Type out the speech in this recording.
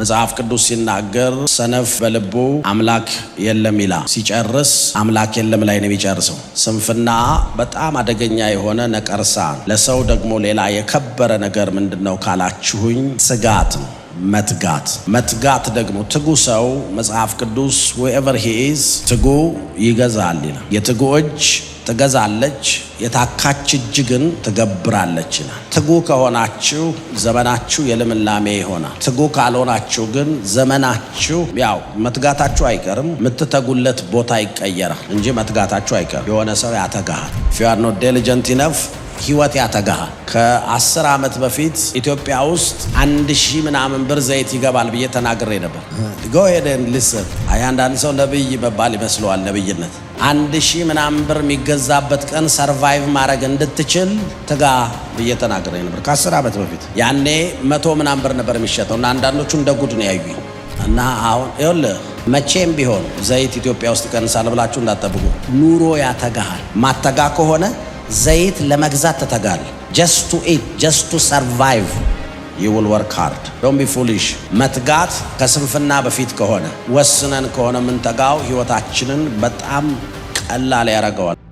መጽሐፍ ቅዱስ ሲናገር ሰነፍ በልቡ አምላክ የለም ይላል። ሲጨርስ አምላክ የለም ላይ ነው የሚጨርሰው። ስንፍና በጣም አደገኛ የሆነ ነቀርሳ ለሰው ደግሞ ሌላ የከበረ ነገር ምንድን ነው ካላችሁኝ፣ ስጋት ነው። መትጋት መትጋት ደግሞ ትጉ ሰው መጽሐፍ ቅዱስ ዌቨር ሂ ኢዝ ትጉ ይገዛል ይላል። የትጉ እጅ ትገዛለች፣ የታካች እጅ ግን ትገብራለች ይላል። ትጉ ከሆናችሁ ዘመናችሁ የልምላሜ ይሆናል። ትጉ ካልሆናችሁ ግን ዘመናችሁ ያው መትጋታችሁ አይቀርም። የምትተጉለት ቦታ ይቀየራል እንጂ መትጋታችሁ አይቀርም። የሆነ ሰው ያተጋሃል። ፊ ኖት ዲሊጀንት ኢነፍ ህይወት ያተጋ ከአስር ዓመት በፊት ኢትዮጵያ ውስጥ አንድ ሺህ ምናምን ብር ዘይት ይገባል ብዬ ተናግሬ ነበር። ጎሄደን ልስን አንዳንድ ሰው ነብይ መባል ይመስለዋል። ነብይነት አንድ ሺህ ምናምን ብር የሚገዛበት ቀን ሰርቫይቭ ማድረግ እንድትችል ትጋ ብዬ ተናግሬ ነበር ከአስር ዓመት በፊት። ያኔ መቶ ምናምን ብር ነበር የሚሸጠው እና አንዳንዶቹ እንደ ጉድ ነው ያዩኝ እና አሁን ይኸውልህ መቼም ቢሆን ዘይት ኢትዮጵያ ውስጥ ቀንሳል ብላችሁ እንዳጠብቁ። ኑሮ ያተጋሃል። ማተጋ ከሆነ ዘይት ለመግዛት ትተጋል። ጀስት ኢት ጀስት ሰርቫይቭ ዩ ዊል ወርክ ሃርድ ዶንት ቢ ፉሊሽ። መትጋት ከስንፍና በፊት ከሆነ ወስነን ከሆነ የምንተጋው ህይወታችንን በጣም ቀላል ያደርገዋል።